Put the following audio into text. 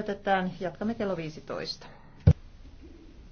Otetaan, jatkamme kello 15.